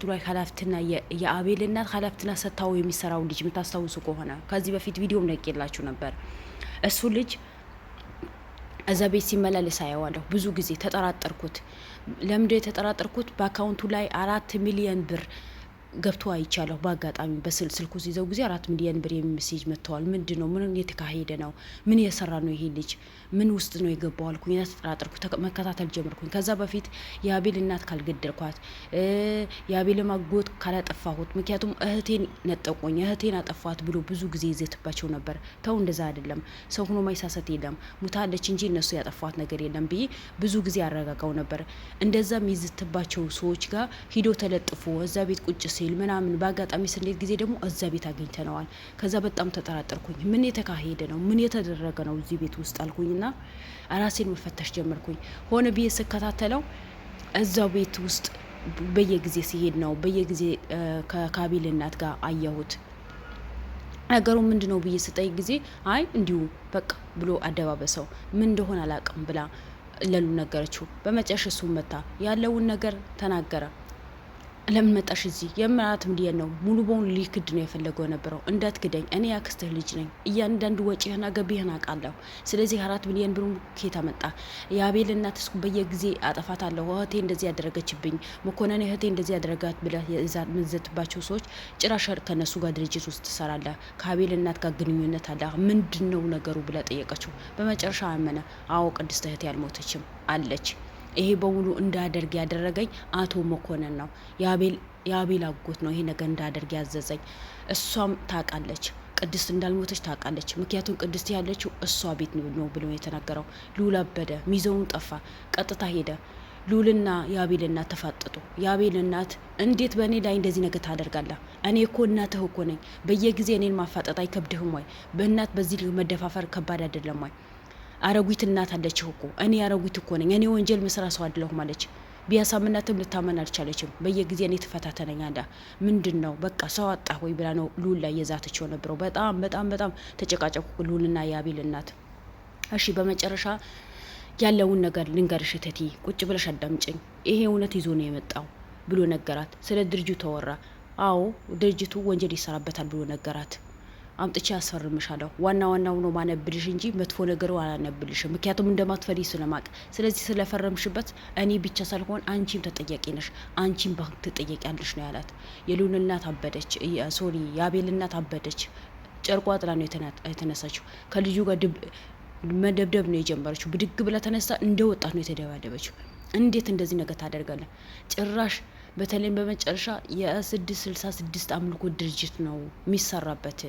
ቱ ላይ ሀላፍትና የአቤል እናት ሰታው የሚሰራው ልጅ የምታስታውሱ ከሆነ ከዚህ በፊት ቪዲዮም ለቄላችሁ ነበር። እሱ ልጅ እዛ ቤት ሲመላለስ አየዋለሁ ብዙ ጊዜ ተጠራጠርኩት። ለምንድን የተጠራጠርኩት? በአካውንቱ ላይ አራት ሚሊዮን ብር ገብቶ አይቻለሁ። በአጋጣሚ በስል ስልኩ ሲይዘው ጊዜ አራት ሚሊዮን ብር የሚሜሴጅ መጥተዋል። ምንድ ነው? ምን የተካሄደ ነው? ምን እየሰራ ነው ይሄ ልጅ? ምን ውስጥ ነው የገባው አልኩኝ። ተጠራጠርኩ። መከታተል ጀመርኩኝ። ከዛ በፊት የአቤል እናት ካልገደልኳት፣ የአቤል ማጎት ካላጠፋሁት፣ ምክንያቱም እህቴን ነጠቆኝ፣ እህቴን አጠፋት ብሎ ብዙ ጊዜ ይዘትባቸው ነበር። ተው እንደዛ አይደለም፣ ሰው ሆኖ ማይሳሰት የለም፣ ሙታለች እንጂ እነሱ ያጠፋት ነገር የለም ብዬ ብዙ ጊዜ አረጋጋው ነበር። እንደዛም ይዝትባቸው ሰዎች ጋር ሂዶ ተለጥፎ እዛ ቤት ቁጭ ሲል ምናምን በአጋጣሚ ስንሄድ ጊዜ ደግሞ እዛ ቤት አግኝተነዋል። ከዛ በጣም ተጠራጠርኩኝ። ምን የተካሄደ ነው? ምን የተደረገ ነው እዚህ ቤት ውስጥ ና ራሴን መፈተሽ ጀመርኩኝ። ሆነ ብዬ ስከታተለው እዛው ቤት ውስጥ በየጊዜ ሲሄድ ነው በየጊዜ ከካቢል እናት ጋር አየሁት። ነገሩ ምንድ ነው ብዬ ስጠይቅ ጊዜ አይ እንዲሁ በቃ ብሎ አደባበሰው። ምን እንደሆነ አላቅም ብላ ለሉ ነገረችው። በመጨረሻ እሱም መታ ያለውን ነገር ተናገረ። ለምን መጣሽ እዚህ? የምራት ምድየን ነው ሙሉ በሙሉ ሊክድ ነው የፈለገው የነበረው። እንዳትክደኝ፣ እኔ ያክስትህ ልጅ ነኝ። እያንዳንዱ ወጪህና ገቢህን አውቃለሁ። ስለዚህ አራት ሚሊዮን ብሩን ኬታ መጣ? የአቤል እናት እስኩ በየጊዜ አጠፋታለሁ፣ እህቴ እንደዚህ ያደረገችብኝ፣ መኮንን እህቴ እንደዚህ ያደረጋት ብለህ የምንዘትባቸው ሰዎች ጭራሽ ከእነሱ ጋር ድርጅት ውስጥ ትሰራለህ፣ ከአቤል እናት ጋር ግንኙነት አለ፣ ምንድን ነው ነገሩ ብላ ጠየቀችው። በመጨረሻ አመነ። አዎ ቅድስት እህቴ አልሞተችም አለች። ይሄ በሙሉ እንዳደርግ ያደረገኝ አቶ መኮንን ነው። የአቤል አጎት ነው ይሄ ነገር እንዳደርግ ያዘዘኝ። እሷም ታውቃለች፣ ቅድስት እንዳልሞተች ታውቃለች። ምክንያቱም ቅድስት ያለችው እሷ ቤት ነው ብሎ የተናገረው። ሉል አበደ፣ ሚዘውን ጠፋ፣ ቀጥታ ሄደ። ሉልና የአቤል እናት ተፋጠጡ። የአቤል እናት እንዴት በእኔ ላይ እንደዚህ ነገር ታደርጋለህ? እኔ እኮ እናትህ እኮ ነኝ። በየጊዜ እኔን ማፋጠጥ አይከብድህም ወይ? በእናት በዚህ መደፋፈር ከባድ አይደለም ወይ? አረጉት እናት አለችህ እኮ እኔ አረጉት እኮ ነኝ እኔ ወንጀል መስራ ሰው አይደለሁም አለች። ቢያሳምናትም ልታመን አልቻለችም። በየጊዜ እኔ ትፈታተነኝ አዳ ምንድን ነው በቃ ሰው አጣ ወይ ብላ ነው ሉል ላይ የዛተችው ነበረው። በጣም በጣም በጣም ተጨቃጨቁ ሉልና የአቤል እናት። እሺ በመጨረሻ ያለውን ነገር ልንገርሽ እቴቴ፣ ቁጭ ብለሽ አዳምጭኝ። ይሄ እውነት ይዞ ነው የመጣው ብሎ ነገራት። ስለ ድርጅቱ ተወራ። አዎ ድርጅቱ ወንጀል ይሰራበታል ብሎ ነገራት። አምጥቼ አስፈርምሻለሁ። ዋና ዋናው ነው ማነብልሽ እንጂ መጥፎ ነገሩ አላነብልሽም። ምክንያቱም እንደማትፈሪ ስለማቅ። ስለዚህ ስለፈረምሽበት እኔ ብቻ ሳልሆን አንቺም ተጠያቂ ነሽ፣ አንቺም ባንክ ትጠየቂያለሽ ነው ያላት። የሉል እናት አበደች፣ ሶሪ የአቤል እናት አበደች። ጨርቋ ጥላ ነው የተነሳችው። ከልጁ ጋር መደብደብ ነው የጀመረችው። ብድግ ብላ ተነሳ፣ እንደ ወጣት ነው የተደባደበችው። እንዴት እንደዚህ ነገር ታደርጋለ። ጭራሽ በተለይም በመጨረሻ የስድስት ስልሳ ስድስት አምልኮ ድርጅት ነው የሚሰራበት።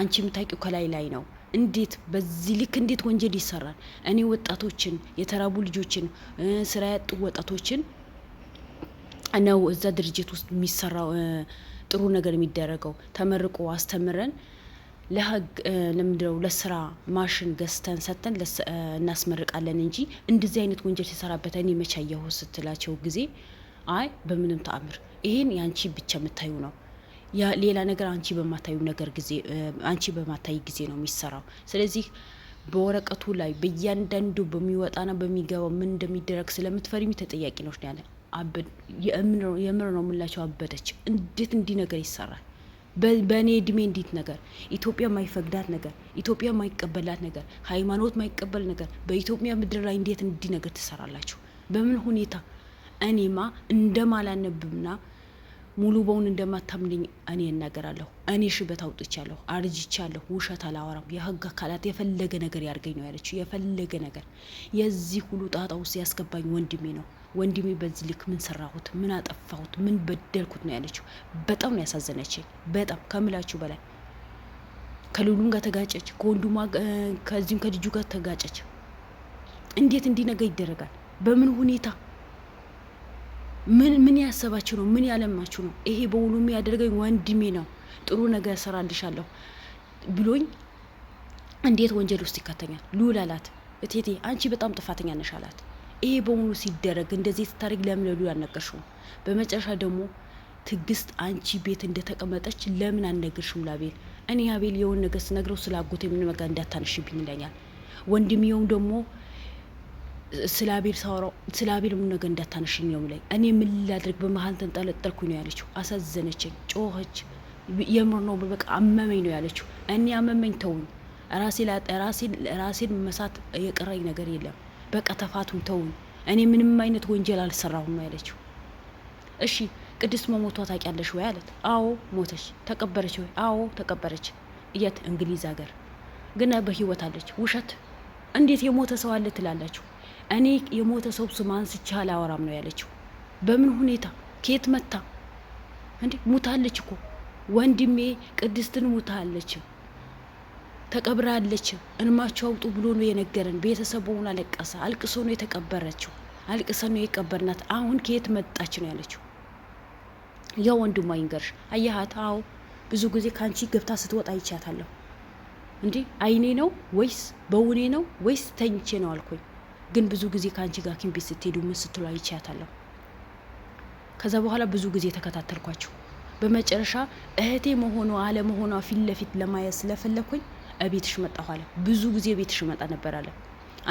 አንቺ የምታውቂው ከላይ ላይ ነው። እንዴት በዚህ ልክ እንዴት ወንጀል ይሰራል? እኔ ወጣቶችን የተራቡ ልጆችን ስራ ያጡ ወጣቶችን ነው እዛ ድርጅት ውስጥ የሚሰራው ጥሩ ነገር የሚደረገው ተመርቆ አስተምረን ለህግ ለምንድነው ለስራ ማሽን ገዝተን ሰጥተን እናስመርቃለን እንጂ እንደዚህ አይነት ወንጀል ሲሰራበት እኔ መቻየሁ ስትላቸው ጊዜ አይ በምንም ተአምር ይሄን የአንቺ ብቻ የምታዩ ነው ሌላ ነገር አንቺ በማታዩ ነገር ጊዜ አንቺ በማታይ ጊዜ ነው የሚሰራው። ስለዚህ በወረቀቱ ላይ በእያንዳንዱ በሚወጣና በሚገባው ምን እንደሚደረግ ስለምትፈሪሚ ተጠያቂ ነች ያለ የምር ነው የምላቸው። አበደች። እንዴት እንዲህ ነገር ይሰራል? በእኔ እድሜ እንዴት ነገር ኢትዮጵያ ማይፈቅዳት ነገር ኢትዮጵያ ማይቀበላት ነገር ሃይማኖት ማይቀበል ነገር በኢትዮጵያ ምድር ላይ እንዴት እንዲህ ነገር ትሰራላችሁ? በምን ሁኔታ እኔማ እንደማላነብምና ሙሉ በውን እንደማታምንኝ እኔ እናገራለሁ። እኔ ሽበት አውጥቻለሁ፣ አርጅቻለሁ፣ ውሸት አላወራም፣ የህግ አካላት የፈለገ ነገር ያርገኝ ነው ያለችው። የፈለገ ነገር የዚህ ሁሉ ጣጣ ውስጥ ያስገባኝ ወንድሜ ነው። ወንድሜ በዚህ ልክ ምን ሰራሁት? ምን አጠፋሁት? ምን በደልኩት? ነው ያለችው። በጣም ነው ያሳዘነችኝ። በጣም ከምላችሁ በላይ ከሉሉም ጋር ተጋጨች፣ ከወንዱማ ከዚሁም ከልጁ ጋር ተጋጨች። እንዴት እንዲህ ነገር ይደረጋል? በምን ሁኔታ ምን ምን ያሰባችሁ ነው? ምን ያለማችሁ ነው? ይሄ በውሉ የሚያደርገኝ ወንድሜ ነው። ጥሩ ነገር ሰራልሻለሁ ብሎኝ እንዴት ወንጀል ውስጥ ይከተኛል? ልዑል አላት፣ እቴቴ አንቺ በጣም ጥፋተኛ ነሽ አላት። ይሄ በሙሉ ሲደረግ እንደዚህ ስታደርግ ለምን ለልዑል አልነገርሽውም? በመጨረሻ ደግሞ ትግስት አንቺ ቤት እንደተቀመጠች ለምን አልነገርሽውም ላቤል? እኔ አቤል የውን ነገር ስነግረው ስለ አጎቴ የምንመጋ እንዳታነሽብኝ ይለኛል። ወንድሜውም ደግሞ ስለ አቤል ሳወራው ስለ አቤል ምን ነገር እንዳታነሽኝ ነው ብላኝ፣ እኔ ምን ላድርግ በመሀል ተንጠለጠልኩኝ ነው ያለችው። አሳዘነችኝ፣ ጮኸች። የምር ነው በቃ አመመኝ ነው ያለችው። እኔ አመመኝ ተውኝ፣ ራሴን መሳት የቀረኝ ነገር የለም። በቃ ተፋቱም ተውኝ፣ እኔ ምንም አይነት ወንጀል አልሰራሁም ነው ያለችው። እሺ ቅድስት መሞቷ ታውቂያለሽ ወይ አለት። አዎ ሞተች። ተቀበረች ወይ? አዎ ተቀበረች። የት? እንግሊዝ ሀገር። ግን በህይወት አለች። ውሸት! እንዴት የሞተ ሰው አለ ትላላችሁ? እኔ የሞተ ሰው ስም አንስቼ አላወራም ነው ያለችው። በምን ሁኔታ ከየት መታ እንዴ? ሙታለች እኮ ወንድሜ ቅድስትን ሙታለች፣ ተቀብራለች፣ እንማቸው አውጡ ብሎ ነው የነገረን። ቤተሰቡን አለቀሰ፣ አልቅሶ ነው የተቀበረችው፣ አልቅሰ ነው የቀበርናት። አሁን ከየት መጣች ነው ያለችው። ያ ወንድሟ ይንገርሽ አያሃት? አዎ ብዙ ጊዜ ከአንቺ ገብታ ስትወጣ አይቻታለሁ። እንዴ አይኔ ነው ወይስ በውኔ ነው ወይስ ተኝቼ ነው አልኩኝ። ግን ብዙ ጊዜ ከአንቺ ጋር ኪም ቤት ስትሄዱ ምን ስትሉ አይቻታለሁ። ከዛ በኋላ ብዙ ጊዜ ተከታተልኳቸው። በመጨረሻ እህቴ መሆኗ አለመሆኗ ፊት ለፊት ለማየት ስለፈለግኩኝ ቤትሽ መጣሁ አለ። ብዙ ጊዜ ቤትሽ መጣ ነበር አለ።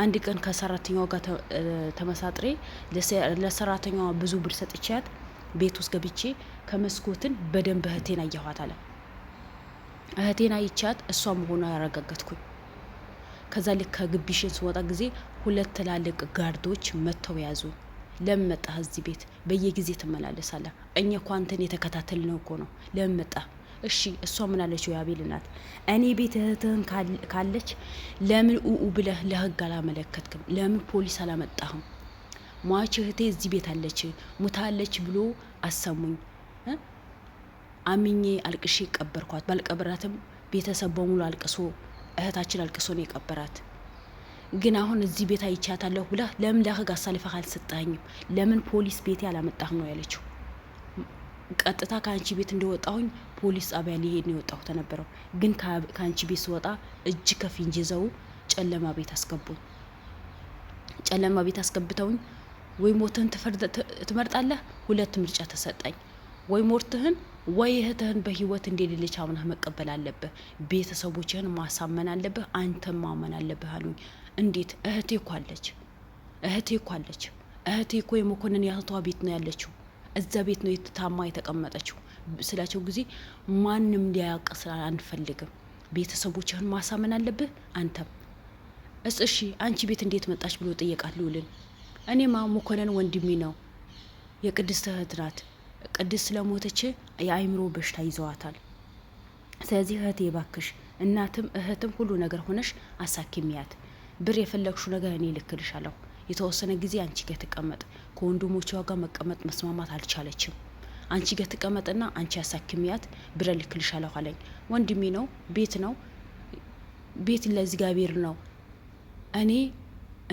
አንድ ቀን ከሰራተኛዋ ጋር ተመሳጥሬ ለሰራተኛዋ ብዙ ብር ሰጥቻት ቤት ውስጥ ገብቼ ከመስኮትን በደንብ እህቴን አየኋት አለ። እህቴን አይቻት እሷ መሆኗ ያረጋገጥኩኝ ከዛ ልክ ከግቢሽን ስወጣ ጊዜ ሁለት ትላልቅ ጋርዶች መጥተው ያዙ። ለምን መጣህ እዚህ ቤት? በየጊዜ ትመላለሳለ እኛ እኮ አንተን ነው እኮ ነው። ለምን እሺ እሷ ምን አለች? የአቤል እናት እኔ ቤት እህትህን ካለች ለምን ኡኡ ብለህ ለህግ አላመለከትክም? ለምን ፖሊስ አላመጣህም? ሟች እህቴ እዚህ ቤት አለች ሙታለች ብሎ አሰሙኝ። አምኜ አልቅሼ ቀበርኳት። ባልቀብራትም ቤተሰብ በሙሉ አልቅሶ እህታችን አልቅሶ ነው የቀበራት። ግን አሁን እዚህ ቤት አይቻታለሁ ብላ ለምን ለህግ አሳልፈህ አልሰጠኝም? ለምን ፖሊስ ቤቴ አላመጣህም ነው ያለችው። ቀጥታ ከአንቺ ቤት እንደወጣሁኝ ፖሊስ ጣቢያ ሊሄድ ነው የወጣሁ ተነበረው። ግን ከአንቺ ቤት ስወጣ እጅ ከፍንጅ ይዘው ጨለማ ቤት አስገቡኝ። ጨለማ ቤት አስገብተውኝ ወይ ሞትህን ትመርጣለህ፣ ሁለት ምርጫ ተሰጠኝ። ወይ ሞትህን ወይ እህትህን በህይወት እንደሌለች አምነህ መቀበል አለብህ። ቤተሰቦችህን ማሳመን አለብህ። አንተን ማመን አለብህ አሉኝ። እንዴት? እህቴ እኮ አለች፣ እህቴ እኮ አለች። እህቴ እኮ የመኮንን ያህቷ ቤት ነው ያለችው። እዛ ቤት ነው የትታማ የተቀመጠችው ስላቸው ጊዜ ማንም ሊያውቅ ስራ አንፈልግም። ቤተሰቦችህን ማሳመን አለብህ አንተም። እስ እሺ አንቺ ቤት እንዴት መጣች ብሎ ጠየቃት ልውልን። እኔማ መኮንን ወንድሜ ነው፣ የቅድስት እህት ናት። ቅድስት ስለሞተች የአይምሮ በሽታ ይዘዋታል። ስለዚህ እህቴ ባክሽ እናትም እህትም ሁሉ ነገር ሆነሽ አሳክሚያት። ብር የፈለግሹ ነገር እኔ ልክልሻለሁ። የተወሰነ ጊዜ አንቺ ጋ ትቀመጥ። ከወንድሞቿ ጋር መቀመጥ መስማማት አልቻለችም። አንቺ ጋ ትቀመጥና አንቺ ያሳክሚያት፣ ብር ልክልሻለሁ አለኝ። ወንድሜ ነው፣ ቤት ነው፣ ቤት ለእግዚአብሔር ነው። እኔ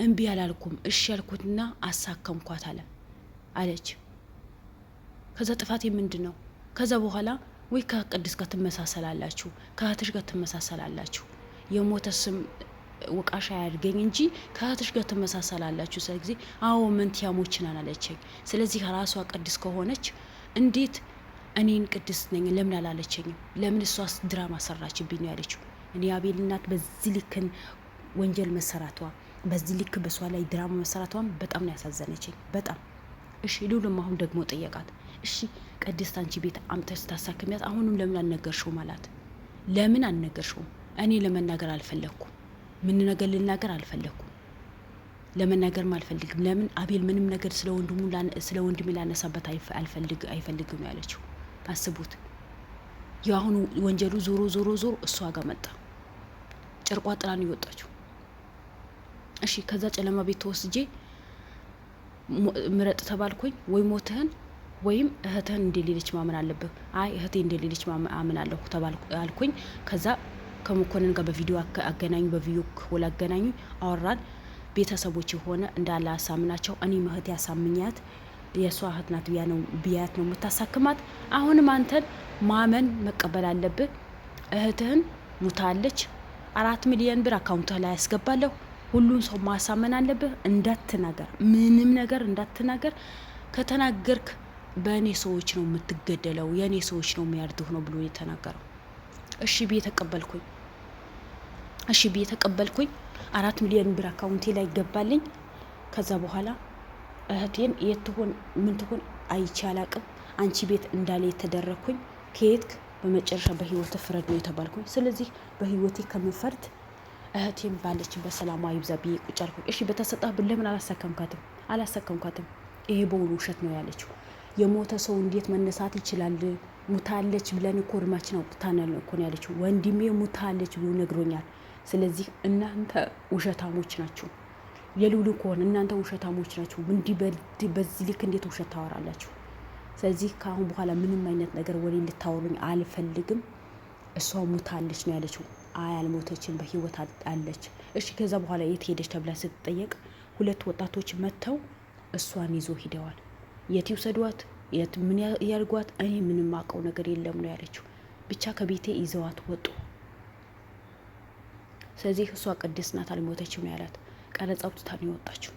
እምቢ አላልኩም፣ እሺ ያልኩትና አሳከምኳት አለ አለች። ከዛ ጥፋቴ ምንድን ነው? ከዛ በኋላ ወይ ከቅድስት ጋር ትመሳሰላላችሁ፣ ከእህትሽ ጋር ትመሳሰላላችሁ። የሞተ ስም ወቃሽ አያድገኝ እንጂ ከእህትሽ ጋር ትመሳሰላላችሁ። ስለ ጊዜ አዎ መንትያሞች ነን አለችኝ። ስለዚህ ራሷ ቅድስት ከሆነች እንዴት እኔን ቅድስት ነኝ ለምን አላለችኝም? ለምን እሷስ ድራማ ሰራችብኝ ነው ያለችው። እኔ አቤል እናት በዚህ ልክን ወንጀል መሰራቷ በዚህ ልክ በሷ ላይ ድራማ መሰራቷም በጣም ነው ያሳዘነችኝ። በጣም እሺ ሉልም አሁን ደግሞ ጠየቃት። እሺ ቅድስት አንቺ ቤት አምጥተሽ ስታሳክሚያት አሁንም ለምን አልነገርሽውም አላት። ለምን አልነገርሽውም? እኔ ለመናገር አልፈለግኩም። ምን ነገር ልናገር አልፈለግኩም። ለመናገርም አልፈልግም። ለምን አቤል ምንም ነገር ስለ ወንድሙ ስለ ወንድሜ ላነሳበት አይፈልግም ነው ያለችው። አስቡት። የአሁኑ ወንጀሉ ዞሮ ዞሮ ዞሮ እሷ ጋር መጣ። ጨርቋ ጥላ ነው የወጣችው። እሺ ከዛ ጨለማ ቤት ተወስጄ ምረጥ ተባልኩኝ ወይ ሞትህን ወይም እህትህን እንደሌለች ማመን አለብህ። አይ እህቴ እንደሌለች ማመን አለሁ ተባልኩኝ። ከዛ ከመኮንን ጋር በቪዲዮ አገናኙ፣ በቪዲዮ ኮል አገናኙ፣ አወራን። ቤተሰቦች የሆነ እንዳለ አሳምናቸው እኔ እህቴ ያሳምኛት የእሷ እህት ናት ብያት ነው የምታሳክማት። አሁንም አንተን ማመን መቀበል አለብህ። እህትህን ሙታለች። አራት ሚሊዮን ብር አካውንት ላይ ያስገባለሁ። ሁሉን ሰው ማሳመን አለብህ። እንዳትናገር፣ ምንም ነገር እንዳትናገር። ከተናገርክ በእኔ ሰዎች ነው የምትገደለው፣ የእኔ ሰዎች ነው የሚያርዱህ ነው ብሎ የተናገረው። እሺ ብዬ ተቀበልኩኝ። እሺ ብዬ ተቀበልኩኝ። አራት ሚሊዮን ብር አካውንቴ ላይ ይገባልኝ። ከዛ በኋላ እህቴን የት ትሆን ምን ትሆን አይቼ አላቅም። አንቺ ቤት እንዳለ የተደረግኩኝ ከየትክ በመጨረሻ በህይወት ፍረድ ነው የተባልኩኝ። ስለዚህ በህይወቴ ከምፈርድ እህቴን ባለችን በሰላሟ ይብዛ ብዬ ቁጭ አልኩኝ። እሺ በተሰጣ ብለምን አላሳከምካትም አላሳከምካትም። ይሄ በውሉ ውሸት ነው ያለችው። የሞተ ሰው እንዴት መነሳት ይችላል? ሙታለች ብለን እኮ እድማችን አውጥታናል እኮ ነው ያለችው። ወንድሜ ሙታለች ብሎ ነግሮኛል። ስለዚህ እናንተ ውሸታሞች ናችሁ። የልውል ከሆነ እናንተ ውሸታሞች ናችሁ። እንዲህ በዚህ ልክ እንዴት ውሸት ታወራላችሁ? ስለዚህ ከአሁን በኋላ ምንም አይነት ነገር ወሬ እንድታወሩኝ አልፈልግም። እሷ ሙታለች ነው ያለችው። አይ በህይወት አለች። እሺ ከዛ በኋላ የት ሄደች ተብላ ስትጠየቅ ሁለት ወጣቶች መጥተው እሷን ይዞ ሂደዋል። የት ይውሰዷት፣ የት ምን ያርጓት፣ እኔ ምንም አውቀው ነገር የለም ነው ያለችው። ብቻ ከቤቴ ይዘዋት ወጡ። ስለዚህ እሷ ቅድስት ናት አልሞተችም ነው ያላት። ቀረጻው አውጥታ ነው የወጣችው።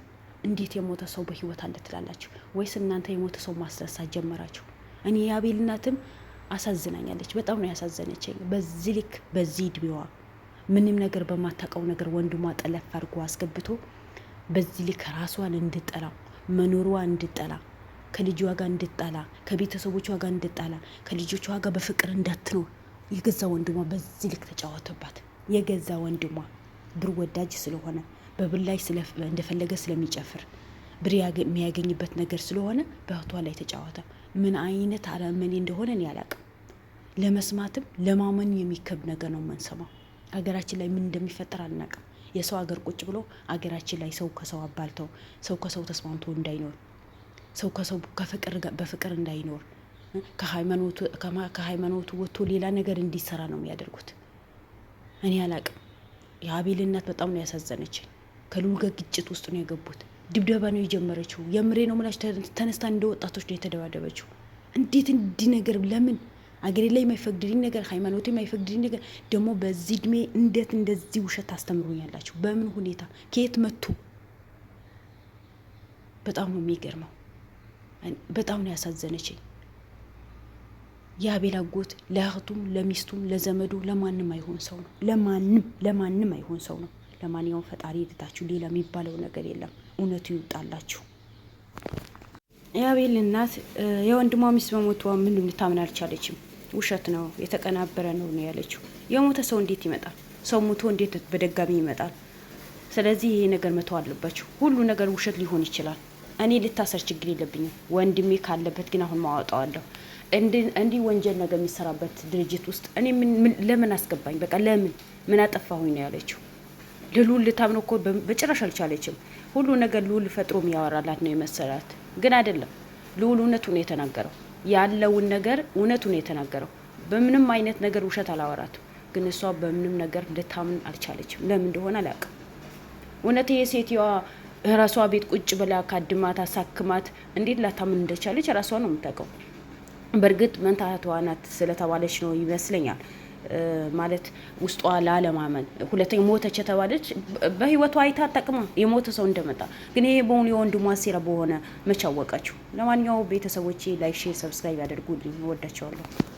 እንዴት የሞተ ሰው በህይወት አለ ትላላችሁ? ወይስ እናንተ የሞተ ሰው ማስረሳት ጀመራችሁ? እኔ የአቤል እናትም አሳዝናኛለች። በጣም ነው ያሳዘነችኝ። በዚህ ልክ በዚህ እድሜዋ ምንም ነገር በማታውቀው ነገር ወንድሟ ጠለፍ አድርጎ አስገብቶ በዚህ ልክ ራሷን እንድጠላ መኖሯ እንድጠላ ከልጅ ጋር እንድጣላ፣ ከቤተሰቦቿ ጋር እንድጣላ፣ ከልጆቿ ጋር በፍቅር እንዳትኖር የገዛ ወንድሟ በዚህ ልክ ተጫወተባት። የገዛ ወንድሟ ብር ወዳጅ ስለሆነ በብር ላይ እንደፈለገ ስለሚጨፍር ብር የሚያገኝበት ነገር ስለሆነ በእህቷ ላይ ተጫወተ። ምን አይነት አላመኔ እንደሆነ እኔ አላቅም። ለመስማትም ለማመን የሚከብድ ነገር ነው የምንሰማው። ሀገራችን ላይ ምን እንደሚፈጠር አልናቅም። የሰው ሀገር ቁጭ ብሎ ሀገራችን ላይ ሰው ከሰው አባልተው ሰው ከሰው ተስማምቶ እንዳይኖር ሰው ከሰው ከፍቅር በፍቅር እንዳይኖር ከሃይማኖቱ ወጥቶ ሌላ ነገር እንዲሰራ ነው የሚያደርጉት። እኔ አላቅም። የአቤል እናት በጣም ነው ያሳዘነችን። ከልዑል ጋር ግጭት ውስጥ ነው የገቡት። ድብደባ ነው የጀመረችው። የምሬ ነው ምላሽ ተነስታ እንደ ወጣቶች ነው የተደባደበችው። እንዴት እንዲህ ነገር ለምን አገሬ ላይ የማይፈቅድልኝ ነገር ሃይማኖት የማይፈቅድልኝ ነገር ደግሞ በዚህ እድሜ እንዴት እንደዚህ ውሸት ታስተምሩኛላችሁ? በምን ሁኔታ ከየት መጥቶ? በጣም ነው የሚገርመው። በጣም ነው ያሳዘነችኝ። የአቤል አጎት ለእህቱም ለሚስቱም ለዘመዱ ለማንም አይሆን ሰው ነው። ለማንም ለማንም አይሆን ሰው ነው። ለማንኛውም ፈጣሪ ይድታችሁ። ሌላ የሚባለው ነገር የለም። እውነቱ ይውጣላችሁ። የአቤል እናት የወንድሟ ሚስት በሞቷ ምን ልታምን አልቻለችም። ውሸት ነው፣ የተቀናበረ ነው ነው ያለችው። የሞተ ሰው እንዴት ይመጣል? ሰው ሞቶ እንዴት በደጋሚ ይመጣል? ስለዚህ ይሄ ነገር መተው አለባችሁ። ሁሉ ነገር ውሸት ሊሆን ይችላል። እኔ ልታሰር ችግር የለብኝም። ወንድሜ ካለበት ግን አሁን ማወጣዋለሁ። እንዲህ ወንጀል ነገር የሚሰራበት ድርጅት ውስጥ እኔ ለምን አስገባኝ? በቃ ለምን ምን አጠፋሁኝ ነው ያለችው። ልሉል ልታምነው እኮ በጭራሽ አልቻለችም። ሁሉ ነገር ልውል ፈጥሮ የሚያወራላት ነው የመሰላት፣ ግን አይደለም። ልውል እውነቱ ነው የተናገረው፣ ያለውን ነገር እውነቱ ነው የተናገረው። በምንም አይነት ነገር ውሸት አላወራትም። ግን እሷ በምንም ነገር ልታምን አልቻለችም። ለምን እንደሆነ አላውቅም። እውነት የሴትዮዋ ራሷ ቤት ቁጭ ብላ ካድማት አሳክማት እንዴት ላታምን እንደቻለች ራሷ ነው የምታውቀው። በእርግጥ መንታ እህቷ ናት ስለተባለች ነው ይመስለኛል ማለት ውስጧ ላለማመን። ሁለተኛ ሞተች የተባለች በህይወቷ አይታ ጠቅማ የሞተ ሰው እንደመጣ ግን ይሄ በሆኑ የወንድሟ ሴራ በሆነ መቻወቃችሁ። ለማንኛውም ቤተሰቦቼ ላይክ፣ ሼር፣ ሰብስክራይብ ያደርጉልኝ። እወዳቸዋለሁ።